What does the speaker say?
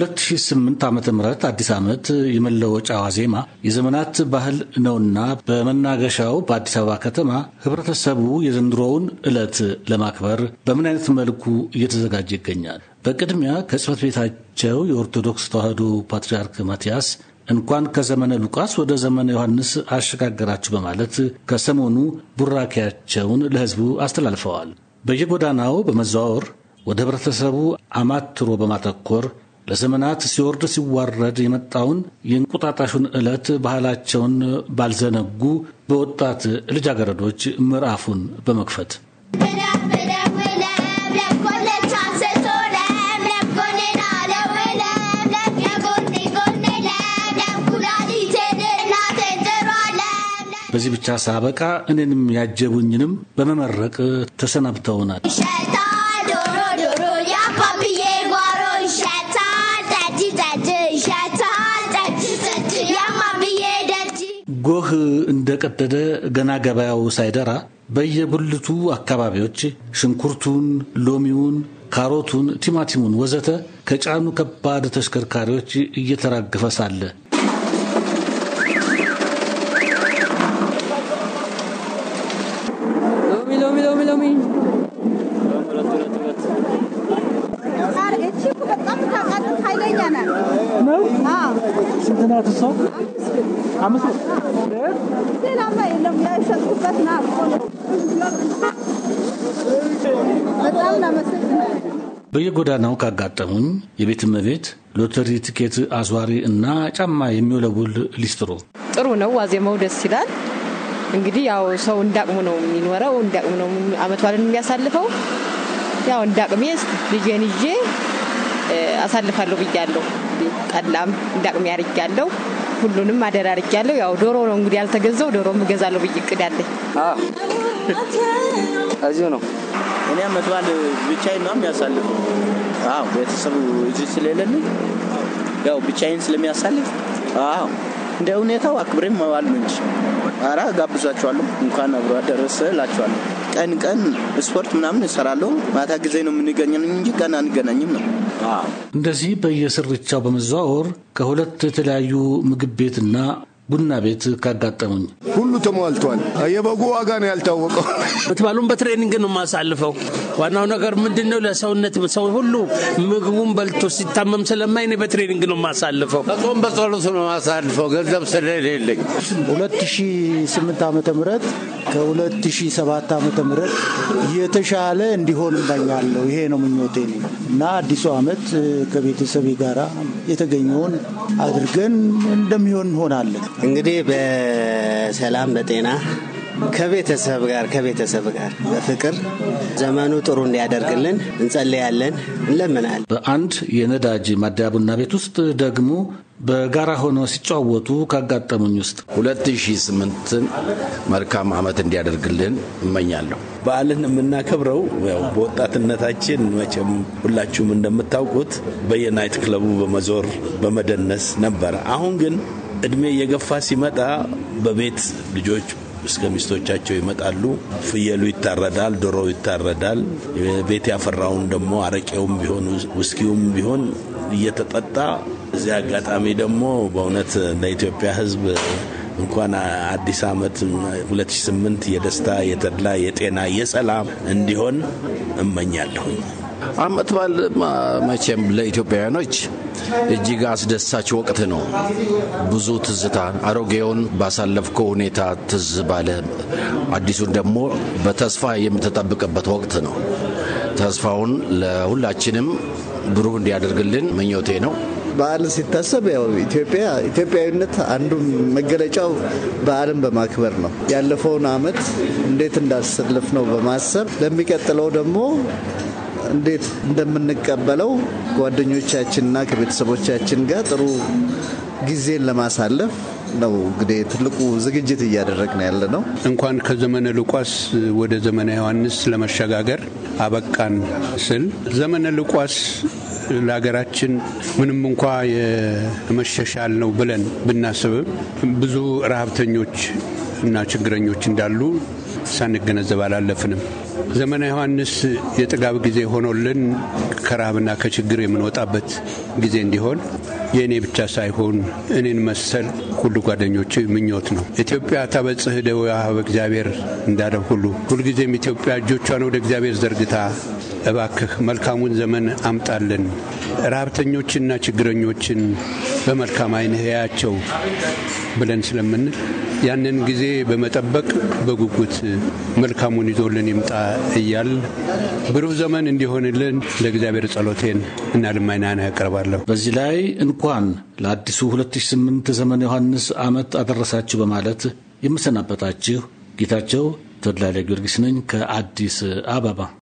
ለ2008 ዓ ም አዲስ ዓመት የመለወጫ ዋዜማ የዘመናት ባህል ነውና በመናገሻው በአዲስ አበባ ከተማ ህብረተሰቡ የዘንድሮውን ዕለት ለማክበር በምን አይነት መልኩ እየተዘጋጀ ይገኛል? በቅድሚያ ከጽህፈት ቤታቸው የኦርቶዶክስ ተዋሕዶ ፓትርያርክ ማትያስ እንኳን ከዘመነ ሉቃስ ወደ ዘመነ ዮሐንስ አሸጋገራችሁ በማለት ከሰሞኑ ቡራኬያቸውን ለህዝቡ አስተላልፈዋል። በየጎዳናው በመዘዋወር ወደ ህብረተሰቡ አማትሮ በማተኮር ለዘመናት ሲወርድ ሲዋረድ የመጣውን የእንቁጣጣሹን ዕለት ባህላቸውን ባልዘነጉ በወጣት ልጃገረዶች ምዕራፉን በመክፈት በዚህ ብቻ ሳበቃ እኔንም ያጀቡኝንም በመመረቅ ተሰናብተውናል። ጎህ እንደቀደደ ገና ገበያው ሳይደራ በየብልቱ አካባቢዎች ሽንኩርቱን፣ ሎሚውን፣ ካሮቱን፣ ቲማቲሙን ወዘተ ከጫኑ ከባድ ተሽከርካሪዎች እየተራገፈ ሳለ በጣም አምስት ሌላማ የለም። በጣም በየጎዳናው ካጋጠሙኝ የቤት እመቤት፣ ሎተሪ ትኬት አስዋሪ እና ጫማ የሚወለውል ሊስትሮ ጥሩ ነው። ዋዜማው ደስ ይላል። እንግዲህ ያው ሰው እንዳቅሙ ነው የሚኖረው፣ እንዳቅሙ ነው አመት ባልን የሚያሳልፈው። ያው እንዳቅሜ ልጄን ይዤ አሳልፋለሁ ብያለሁ። ቀላም እንዳቅሜ አድርጊያለሁ። ሁሉንም አደራርጊያለሁ። ያው ዶሮ ነው እንግዲህ ያልተገዛው ዶሮም እገዛለሁ ብዬ እቅድ እዚሁ ነው እኔ አመት በዓል ብቻዬን ነው የሚያሳልፍ። አዎ ቤተሰቡ እዚህ ስለሌለን ያው ብቻዬን ስለሚያሳልፍ አዎ እንደ ሁኔታው አክብሬም መዋል ነው እንጂ። ኧረ ጋብዟቸዋለሁ። እንኳን አብሮ አደረሰ እላቸዋለሁ። ቀን ቀን ስፖርት ምናምን እሰራለሁ። ማታ ጊዜ ነው የምንገኘን እንጂ ቀን አንገናኝም ነው። እንደዚህ በየስርቻው በመዘዋወር ከሁለት የተለያዩ ምግብ ቤትና ቡና ቤት ካጋጠሙኝ ሁሉ ተሟልቷል። የበጉ ዋጋ ነው ያልታወቀው። ምትባሉም በትሬኒንግ ነው የማሳልፈው። ዋናው ነገር ምንድን ነው? ለሰውነት ሰው ሁሉ ምግቡን በልቶ ሲታመም ስለማይ እኔ በትሬኒንግ ነው የማሳልፈው። በጾም በጸሎት ነው የማሳልፈው። ገንዘብ ስለሌለኝ 2008 ዓ ም ከ2007 ዓ ም የተሻለ እንዲሆን እመኛለሁ። ይሄ ነው ምኞቴ እና አዲሱ ዓመት ከቤተሰቤ ጋራ የተገኘውን አድርገን እንደሚሆን እንሆናለን። እንግዲህ በሰላም በጤና ከቤተሰብ ጋር ከቤተሰብ ጋር በፍቅር ዘመኑ ጥሩ እንዲያደርግልን እንጸልያለን፣ እንለምናል። በአንድ የነዳጅ ማደያ ቡና ቤት ውስጥ ደግሞ በጋራ ሆነው ሲጨዋወቱ ካጋጠሙኝ ውስጥ 208 መልካም ዓመት እንዲያደርግልን እመኛለሁ። በዓልን የምናከብረው በወጣትነታችን መቼም ሁላችሁም እንደምታውቁት በየናይት ክለቡ በመዞር በመደነስ ነበረ አሁን ግን እድሜ እየገፋ ሲመጣ በቤት ልጆች እስከ ሚስቶቻቸው ይመጣሉ። ፍየሉ ይታረዳል፣ ዶሮ ይታረዳል። ቤት ያፈራውን ደግሞ አረቄውም ቢሆን ውስኪውም ቢሆን እየተጠጣ እዚህ አጋጣሚ ደግሞ በእውነት ለኢትዮጵያ ሕዝብ እንኳን አዲስ ዓመት 2008 የደስታ የተድላ የጤና የሰላም እንዲሆን እመኛለሁኝ። አመት በዓል መቼም ለኢትዮጵያውያኖች እጅግ አስደሳች ወቅት ነው። ብዙ ትዝታ፣ አሮጌውን ባሳለፍከው ሁኔታ ትዝ ባለ፣ አዲሱን ደግሞ በተስፋ የምትጠብቅበት ወቅት ነው። ተስፋውን ለሁላችንም ብሩህ እንዲያደርግልን ምኞቴ ነው። በዓል ሲታሰብ ያው ኢትዮጵያ ኢትዮጵያዊነት አንዱ መገለጫው በዓልን በማክበር ነው። ያለፈውን ዓመት እንዴት እንዳሰለፍ ነው በማሰብ ለሚቀጥለው ደግሞ እንዴት እንደምንቀበለው ጓደኞቻችንና ከቤተሰቦቻችን ጋር ጥሩ ጊዜን ለማሳለፍ ነው እንግዲህ ትልቁ ዝግጅት እያደረግን ያለ ነው። እንኳን ከዘመነ ሉቃስ ወደ ዘመነ ዮሐንስ ለመሸጋገር አበቃን ስል ዘመነ ሉቃስ ለሀገራችን ምንም እንኳ የመሸሻል ነው ብለን ብናስብም ብዙ ረሀብተኞች እና ችግረኞች እንዳሉ ሳንገነዘብ አላለፍንም። ዘመነ ዮሐንስ የጥጋብ ጊዜ ሆኖልን ከረሃብና ከችግር የምንወጣበት ጊዜ እንዲሆን የእኔ ብቻ ሳይሆን እኔን መሰል ሁሉ ጓደኞች ምኞት ነው። ኢትዮጵያ ታበጽሕ እደዊሃ እግዚአብሔር እንዳለው ሁሉ ሁልጊዜም ኢትዮጵያ እጆቿን ወደ እግዚአብሔር ዘርግታ እባክህ መልካሙን ዘመን አምጣልን፣ ረሃብተኞችና ችግረኞችን በመልካም አይን ያያቸው ብለን ስለምንል ያንን ጊዜ በመጠበቅ በጉጉት መልካሙን ይዞልን ይምጣ እያል ብሩህ ዘመን እንዲሆንልን ለእግዚአብሔር ጸሎቴን እና ልመናዬን ያቀርባለሁ። በዚህ ላይ እንኳን ለአዲሱ 2008 ዘመን ዮሐንስ ዓመት አደረሳችሁ በማለት የምሰናበታችሁ ጌታቸው ተድላ ጊዮርጊስ ነኝ ከአዲስ አበባ።